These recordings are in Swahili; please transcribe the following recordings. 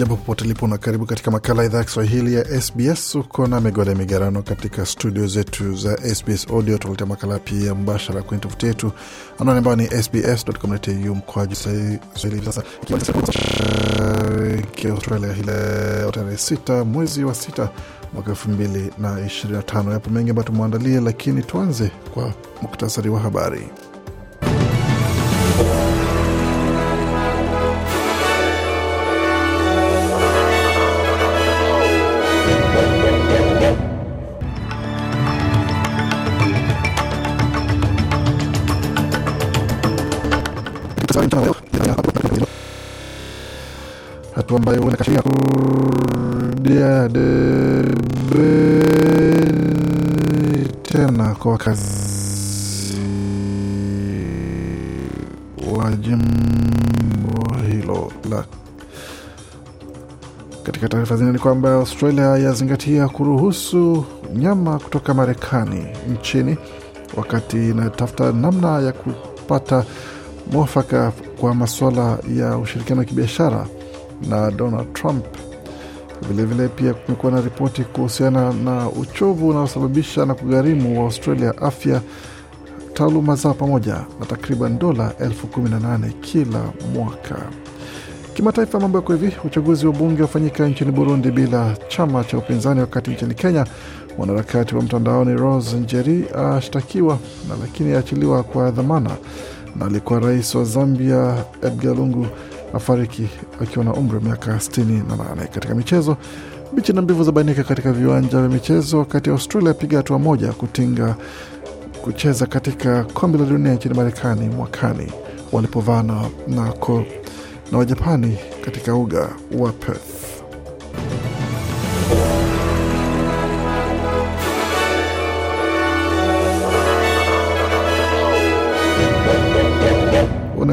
Jambo popote lipo na karibu katika makala idhaa ya Kiswahili ya SBS. Uko na Migode Migarano katika studio zetu za SBS Audio. Tunaletea makala pia mbashara kwenye tovuti yetu, anwani ambayo ni sbs.com.au mkwaju swahili. sasa Australia hileo tarehe sita mwezi wa sita mwaka elfu mbili na ishirini na tano. Yapo mengi ambayo tumeandalia, lakini tuanze kwa muktasari wa habari. watu ambayo huenda kashiria tena kwa wakazi wa jimbo hilo la katika taarifa zingine ni kwamba Australia yazingatia kuruhusu nyama kutoka Marekani nchini wakati inatafuta namna ya kupata mwafaka kwa masuala ya ushirikiano wa kibiashara na Donald Trump. Vilevile pia kumekuwa na ripoti kuhusiana na uchovu unaosababisha na kugharimu wa Australia afya, taaluma zao pamoja na takriban dola elfu kumi na nane kila mwaka. Kimataifa, mambo yako hivi. Uchaguzi wa bunge wafanyika nchini Burundi bila chama cha upinzani, wakati nchini Kenya mwanaharakati wa mtandaoni Rose Njeri ashtakiwa na lakini aachiliwa kwa dhamana, na alikuwa rais wa Zambia Edgar Lungu afariki akiwa na umri wa miaka 68. Katika michezo, bichi na mbivu zabainika katika viwanja vya michezo, wakati Australia apiga hatua moja kutinga kucheza katika kombe la dunia nchini Marekani mwakani walipovaa na, na Wajapani katika uga wa Perth.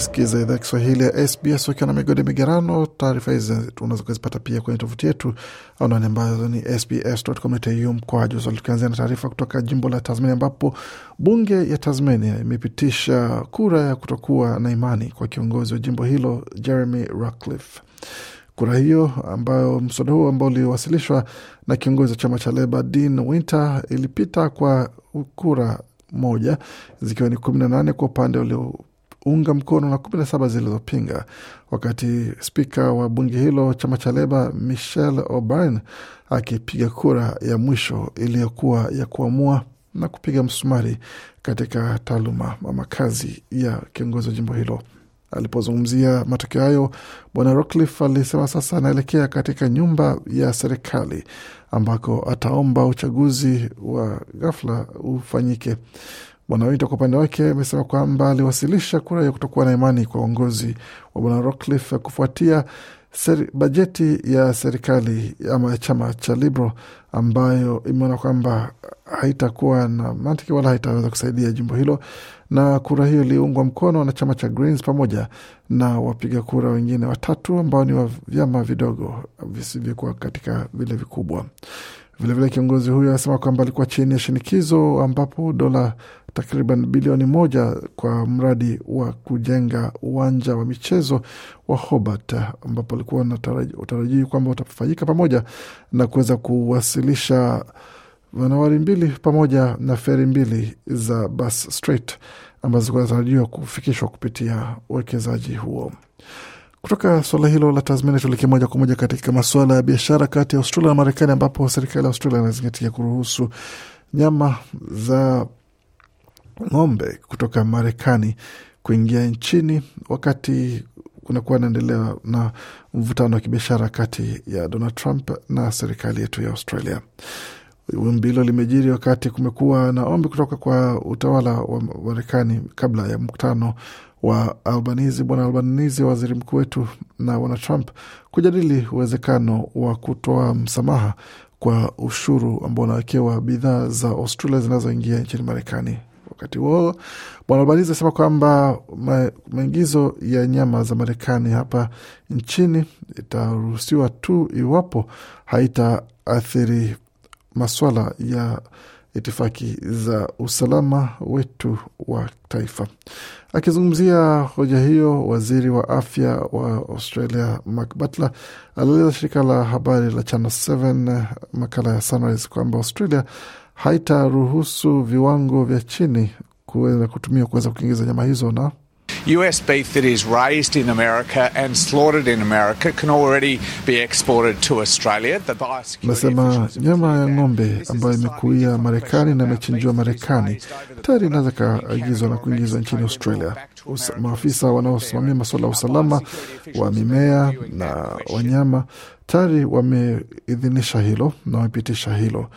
unaisikiza idhaa Kiswahili ya SBS ukiwa na migode migerano. Taarifa hizi unaweza kuzipata pia kwenye tovuti yetu anani ambazo ni sbs.com.au mkwaju swali. Tukianzia na taarifa kutoka jimbo la Tasmania ambapo bunge ya Tasmania imepitisha kura ya kutokuwa na imani kwa kiongozi wa jimbo hilo Jeremy Ratcliffe. Kura hiyo ambayo mswada huo ambao uliwasilishwa na kiongozi wa chama cha Leba Dean Winter ilipita kwa kura moja zikiwa ni kumi na nane kwa upande unga mkono na 17 zilizopinga, wakati spika wa bunge hilo chama cha Leba Michel O'Brien akipiga kura ya mwisho iliyokuwa ya kuamua na kupiga msumari katika taaluma ama kazi ya kiongozi wa jimbo hilo. Alipozungumzia matokeo hayo, Bwana Rockliff alisema sasa anaelekea katika nyumba ya serikali ambako ataomba uchaguzi wa ghafla ufanyike. Bwana Wita kwa upande wake amesema kwamba aliwasilisha kura ya kutokuwa na imani kwa uongozi wa Bwana Rockcliffe kufuatia seri, bajeti ya serikali ama ya chama cha Liberal ambayo imeona kwamba haitakuwa na mantiki wala haitaweza kusaidia jimbo hilo, na kura hiyo iliungwa mkono na chama cha Greens pamoja na wapiga kura wengine watatu ambao ni wa vyama vidogo visivyokuwa katika vile vikubwa. Vilevile kiongozi huyo anasema kwamba alikuwa chini ya shinikizo ambapo dola takriban bilioni moja kwa mradi wa kujenga uwanja wa michezo wa Hobart ambapo alikuwa utarajii kwamba utafanyika pamoja na kuweza kuwasilisha manowari mbili pamoja na feri mbili za Bass Strait ambazo zinatarajiwa kufikishwa kupitia uwekezaji huo. Kutoka suala hilo la Tasmania tuelekee moja kwa moja katika masuala ya biashara kati ya Australia na Marekani, ambapo serikali ya Australia inazingatia kuruhusu nyama za ng'ombe kutoka Marekani kuingia nchini wakati kunakuwa naendelea na mvutano wa kibiashara kati ya Donald Trump na serikali yetu ya Australia. Wimbi hilo limejiri wakati kumekuwa na ombi kutoka kwa utawala wa Marekani kabla ya mkutano wa Albanizi, bwana Albanizi, waziri mkuu wetu, na bwana Trump kujadili uwezekano wa kutoa msamaha kwa ushuru ambao unawekewa bidhaa za Australia zinazoingia nchini Marekani. Wakati huo bwana Albanizi asema kwamba maingizo ya nyama za Marekani hapa nchini itaruhusiwa tu iwapo haitaathiri maswala ya itifaki za usalama wetu wa taifa. Akizungumzia hoja hiyo, waziri wa afya wa Australia Mark Butler alieleza shirika la habari la Channel 7 eh, makala ya Sunrise kwamba Australia haitaruhusu viwango vya chini kuweza kutumia kuweza kuingiza nyama hizo na US beef that is raised in America and slaughtered in America can already be exported to Australia. Nasema nyama ya ng'ombe ambayo imekuia Marekani na imechinjiwa Marekani tayari inaweza kaagizwa na kuingizwa nchini Australia. maafisa wanaosimamia masuala ya usalama wa mimea na wanyama tayari wameidhinisha hilo na wamepitisha hilo.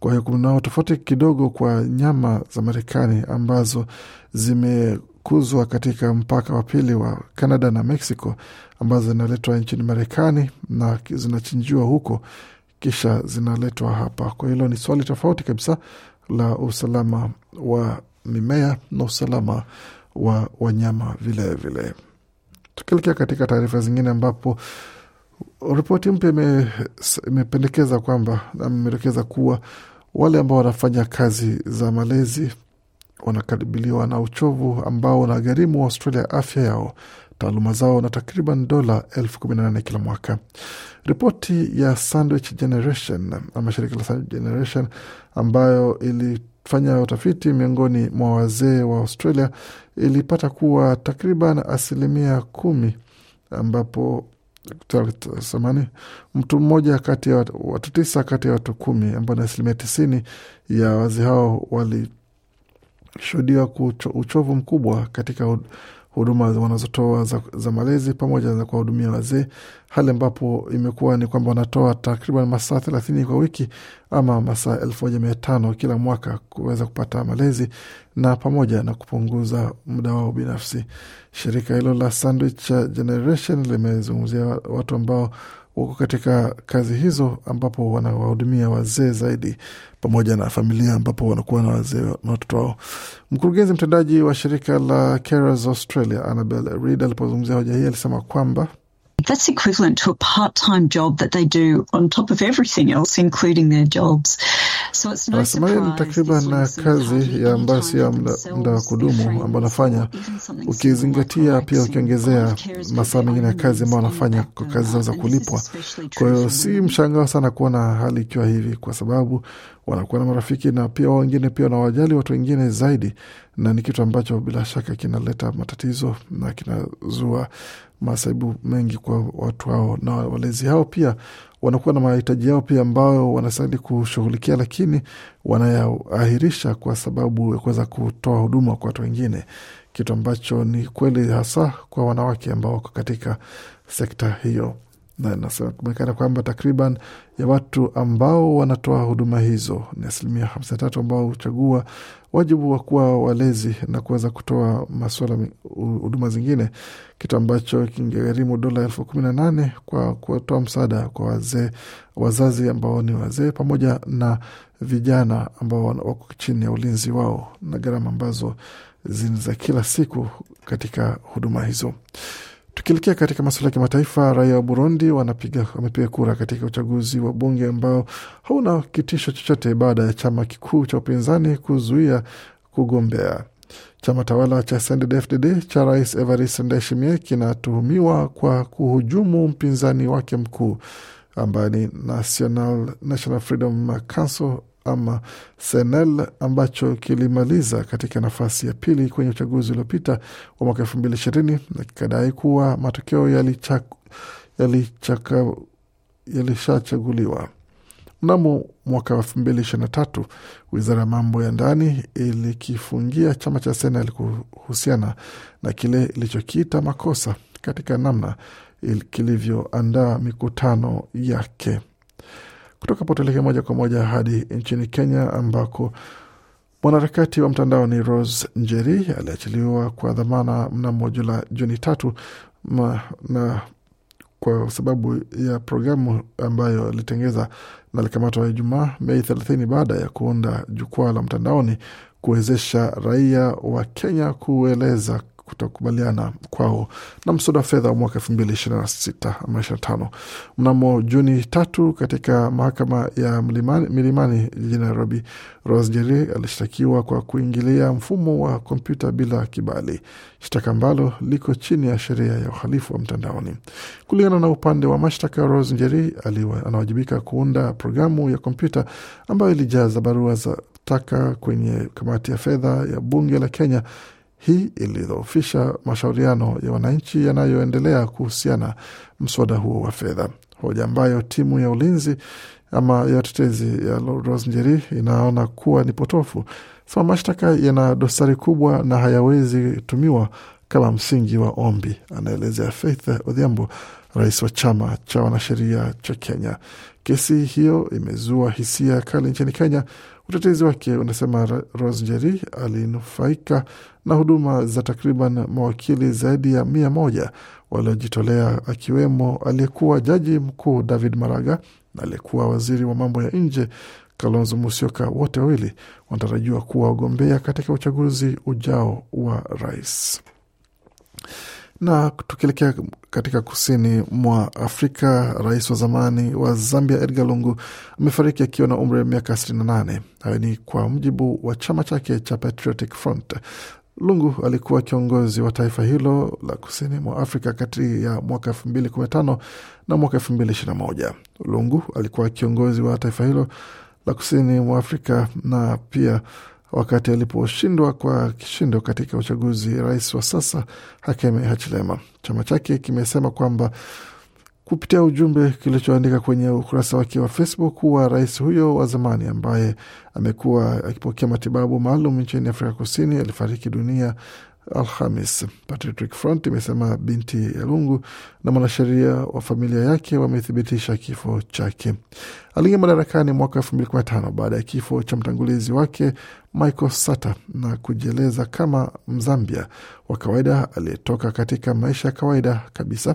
Kwa hiyo kuna tofauti kidogo kwa nyama za Marekani ambazo zime kuzwa katika mpaka wa pili wa Canada na Mexico ambazo zinaletwa nchini Marekani na zinachinjiwa huko kisha zinaletwa hapa. Kwa hilo ni swali tofauti kabisa la usalama wa mimea na usalama wa wanyama vilevile. Tukielekea katika taarifa zingine, ambapo ripoti mpya imependekeza kwamba amedokeza kuwa wale ambao wanafanya kazi za malezi wanakabiliwa na uchovu ambao unagharimu Waustralia afya yao, taaluma zao na takriban dola elfu kumi na nane kila mwaka. Ripoti ya Sandwich Generation ama shirika la Sandwich Generation ambayo ilifanya utafiti miongoni mwa wazee wa Australia ilipata kuwa takriban asilimia kumi ambapo samani mtu mmoja kati ya watu tisa kati ya watu kumi ambao ni asilimia tisini ya wazee hao wali shuhudiwa uchovu mkubwa katika huduma wanazotoa za, za malezi pamoja na kuwahudumia wazee, hali ambapo imekuwa ni kwamba wanatoa takriban masaa thelathini kwa wiki ama masaa elfu moja mia tano kila mwaka kuweza kupata malezi na pamoja na kupunguza muda wao binafsi. Shirika hilo la Sandwich Generation limezungumzia watu ambao wako katika kazi hizo ambapo wanawahudumia wazee zaidi pamoja na familia ambapo wanakuwa na wazee na watoto wao. Mkurugenzi mtendaji wa shirika la Carers Australia Annabel Reid alipozungumzia hoja hii alisema kwamba that's equivalent to a part-time job that they do on top of everything else, including their jobs. So it's no Somalia ni takriban kazi ya ambayo sio muda wa kudumu ambayo anafanya, ukizingatia pia ukiongezea masaa mengine ya kazi ambayo anafanya kwa kazi zao za kulipwa. Kwa hiyo si mshangao sana kuona hali ikiwa hivi, kwa sababu wanakuwa na marafiki na pia wao wengine pia wanawajali watu wengine zaidi, na ni kitu ambacho bila shaka kinaleta matatizo na kinazua masaibu mengi kwa watu hao, na walezi hao pia wanakuwa na mahitaji yao pia ambayo wanastahili kushughulikia, lakini wanayaahirisha kwa sababu ya kuweza kutoa huduma kwa watu wengine, kitu ambacho ni kweli hasa kwa wanawake ambao wako katika sekta hiyo na kwamba takriban ya watu ambao wanatoa huduma hizo ni asilimia hamsini na tatu ambao huchagua wajibu wa kuwa walezi na kuweza kutoa masuala huduma zingine, kitu ambacho kingegharimu dola elfu kumi na nane kwa kutoa msaada kwa wazee, wazazi ambao ni wazee pamoja na vijana ambao wako chini ya ulinzi wao na gharama ambazo za kila siku katika huduma hizo. Tukielekea katika masuala ya kimataifa, raia wa Burundi wanapiga wamepiga kura katika uchaguzi wa bunge ambao hauna kitisho chochote baada ya chama kikuu cha upinzani kuzuia kugombea. Chama tawala cha CNDD-FDD cha rais Evariste Ndayishimiye kinatuhumiwa kwa kuhujumu mpinzani wake mkuu ambaye ni National, National Freedom Council ama Senel ambacho kilimaliza katika nafasi ya pili kwenye uchaguzi uliopita wa mwaka elfu mbili ishirini na kikadai kuwa matokeo yalishachaguliwa yali Mnamo mwaka wa elfu mbili ishirini na tatu wizara ya mambo ya ndani ilikifungia chama cha Senel kuhusiana na kile ilichokiita makosa katika namna kilivyoandaa mikutano yake. Kutoka tuelekee moja kwa moja hadi nchini Kenya ambako mwanaharakati wa mtandaoni Rose Njeri aliachiliwa kwa dhamana mnamo jula Juni tatu ma, na kwa sababu ya programu ambayo alitengeza na alikamatwa Ijumaa Mei thelathini baada ya kuunda jukwaa la mtandaoni kuwezesha raia wa Kenya kueleza kutokubaliana kwao na mswada wa fedha wa mwaka elfu mbili ishirini na sita ama ishirini na tano. Mnamo Juni tatu, katika mahakama ya Milimani, Milimani jijini Nairobi, Ros Jeri alishtakiwa kwa kuingilia mfumo wa kompyuta bila kibali, shtaka ambalo liko chini ya sheria ya uhalifu wa mtandaoni. Kulingana na upande wa mashtaka, Ros Jeri anawajibika kuunda programu ya kompyuta ambayo ilijaza barua za taka kwenye kamati ya fedha ya bunge la Kenya hii ilidhoofisha mashauriano ya wananchi yanayoendelea kuhusiana mswada huo wa fedha, hoja ambayo timu ya ulinzi ama ya tetezi ya Rose Njeri inaona kuwa ni potofu. So mashtaka yana dosari kubwa na hayawezi tumiwa kama msingi wa ombi, anaelezea Faith Odhiambo, rais wa chama cha wanasheria cha Kenya. Kesi hiyo imezua hisia kali nchini Kenya. Utetezi wake unasema Njeri alinufaika na huduma za takriban mawakili zaidi ya mia moja waliojitolea akiwemo aliyekuwa jaji mkuu David Maraga na aliyekuwa waziri wa mambo ya nje Kalonzo Musyoka. Wote wawili wanatarajiwa kuwa wagombea katika uchaguzi ujao wa rais. Na tukielekea katika kusini mwa Afrika, rais wa zamani wa Zambia Edgar Lungu amefariki akiwa na umri wa miaka 68. Hayo ni kwa mujibu wa chama chake cha Patriotic Front. Lungu alikuwa kiongozi wa taifa hilo la kusini mwa Afrika kati ya mwaka 2015 na mwaka 2021. Lungu alikuwa kiongozi wa taifa hilo la kusini mwa Afrika na pia wakati aliposhindwa kwa kishindo katika uchaguzi rais wa sasa Hakeme Hachilema. Chama chake kimesema kwamba kupitia ujumbe kilichoandika kwenye ukurasa wake wa Facebook kuwa rais huyo wa zamani ambaye amekuwa akipokea matibabu maalum nchini Afrika Kusini alifariki dunia Alhamis. Patrick Front imesema binti ya lungu na mwanasheria wa familia yake wamethibitisha kifo chake. Aliingia madarakani mwaka tano baada ya kifo cha mtangulizi wake Michael Sata na kujieleza kama Mzambia wa kawaida aliyetoka katika maisha ya kawaida kabisa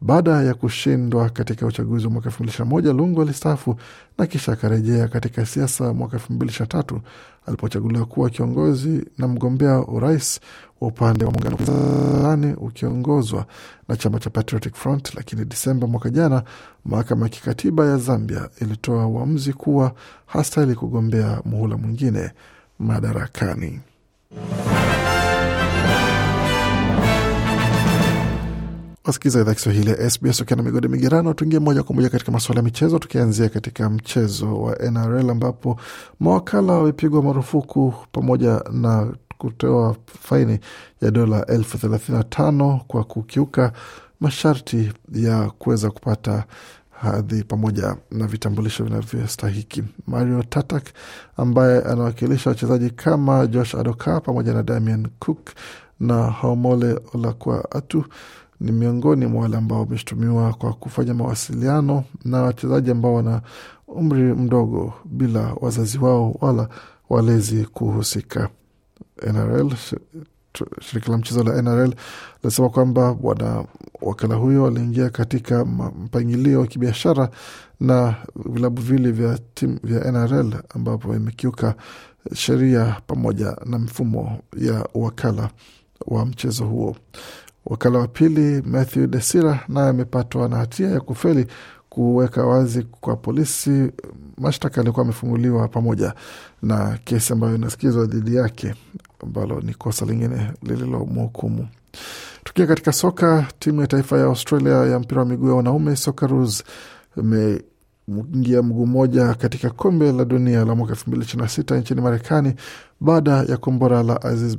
baada ya kushindwa katika uchaguzi wa mwaka elfu mbili ishirini na moja, Lungu alistaafu na kisha akarejea katika siasa mwaka elfu mbili ishirini na tatu alipochaguliwa kuwa kiongozi na mgombea urais wa upande wa muungano upinzani ukiongozwa na chama cha Patriotic Front. Lakini Desemba mwaka jana, mahakama ya kikatiba ya Zambia ilitoa uamuzi kuwa hastahili kugombea muhula mwingine madarakani. Wasikiliza idhaa Kiswahili ya SBS ukiwa na migodi migerano, tuingie moja kwa moja katika masuala ya michezo, tukianzia katika mchezo wa NRL ambapo mawakala wamepigwa marufuku pamoja na kutoa faini ya dola elfu thelathini na tano kwa kukiuka masharti ya kuweza kupata hadhi pamoja na vitambulisho vinavyostahiki. Mario Tatak ambaye anawakilisha wachezaji kama Josh Adoka pamoja na Damian Cook na Haumole Olakua Atu ni miongoni mwa wale ambao wameshutumiwa kwa kufanya mawasiliano na wachezaji ambao wana umri mdogo bila wazazi wao wala walezi kuhusika. NRL shirika la mchezo la NRL linasema kwamba bwana wakala huyo aliingia katika mpangilio wa kibiashara na vilabu vile vya timu vya NRL ambapo imekiuka sheria pamoja na mfumo ya wakala wa mchezo huo. Wakala wa pili Matthew Desira naye amepatwa na hatia ya kufeli kuweka wazi kwa polisi um, mashtaka aliokuwa amefunguliwa pamoja na kesi ambayo inasikizwa dhidi yake, ambalo ni kosa lingine lililomhukumu. Tukiwa katika soka, timu ya taifa ya Australia ya mpira wa miguu ya wanaume Socceroos imeingia mguu mmoja katika kombe la dunia la mwaka elfu mbili ishirini na sita nchini Marekani baada ya kombora la Aziz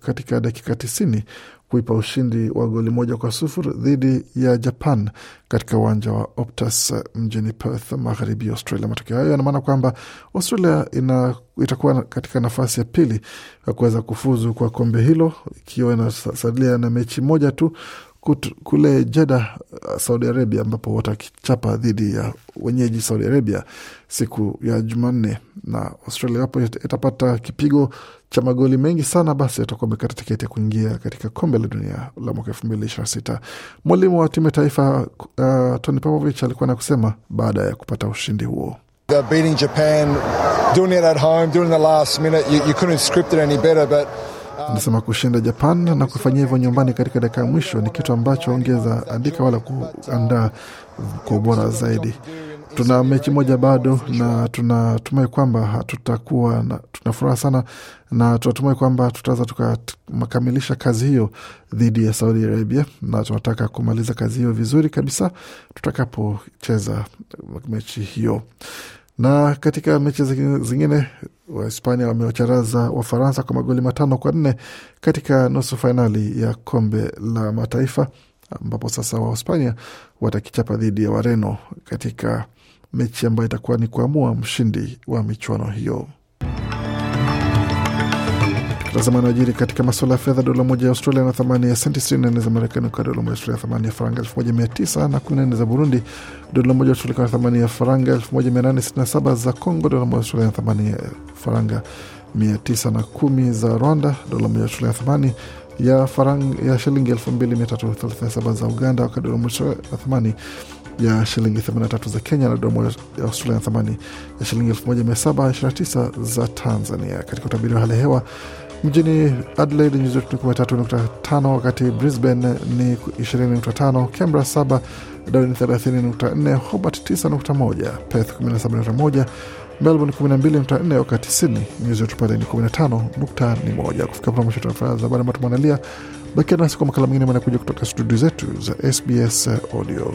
katika dakika tisini kuipa ushindi wa goli moja kwa sufuri dhidi ya Japan katika uwanja wa Optus mjini Perth, magharibi ya Australia. Matokeo hayo yanamaana kwamba Australia ina, itakuwa katika nafasi ya pili ya kuweza kufuzu kwa kombe hilo ikiwa inasalia na mechi moja tu kut, kule Jeddah, uh, Saudi Arabia, ambapo watakichapa dhidi ya wenyeji Saudi Arabia siku ya Jumanne, na Australia hapo itapata kipigo cha magoli mengi sana, basi atakuwa amekata tiketi ya kuingia katika kombe la dunia la mwaka elfu mbili ishirini na sita. Mwalimu wa timu ya taifa uh, Tony Popovich alikuwa na kusema baada ya kupata ushindi huo. They're beating Japan, doing it at home, doing the last minute. You, you couldn't script it any better, but Anasema kushinda Japan na kufanyia hivyo nyumbani katika dakika ya mwisho ni kitu ambacho ongeza andika wala kuandaa kwa ubora zaidi. Tuna mechi moja bado na tunatumai kwamba hatutakuwa na tuna furaha sana na tunatumai kwamba tutaweza tukakamilisha kazi hiyo dhidi ya Saudi Arabia, na tunataka kumaliza kazi hiyo vizuri kabisa tutakapocheza mechi hiyo na katika mechi zingine Wahispania wamewacharaza Wafaransa kwa magoli matano kwa nne katika nusu fainali ya kombe la mataifa ambapo sasa Wahispania watakichapa dhidi ya Wareno katika mechi ambayo itakuwa ni kuamua mshindi wa michuano hiyo. Tazama najiri katika masuala ya fedha. Dola moja ya Australia na thamani ya senti 64 za Marekani, kwa dola moja Australia thamani ya faranga na 14 za Burundi, dola moja ya Australia na thamani ya faranga 1867 za Congo, dola moja ya Australia na thamani ya faranga 910 za Rwanda, dola moja ya Australia na thamani ya faranga ya shilingi 2337 za Uganda, wakati dola moja ya thamani ya shilingi 83 za Kenya na dola moja ya Australia na thamani ya shilingi 1729 za Tanzania. Katika utabiri wa hali ya hewa Mjini Adelaide nyuzi joto ni 13.5, wakati Brisbane ni 20.5, Canberra 7, Darwin 30.4, Hobart 9.1, Perth 17.1, Melbourne 12.4, wakati Sydney nyuzi joto pale ni 15.1. Kufika hapo mwisho taarifa za habari ambayo tumeandalia. Bakia nasi kwa makala mengine manakuja kutoka studio zetu za SBS Audio.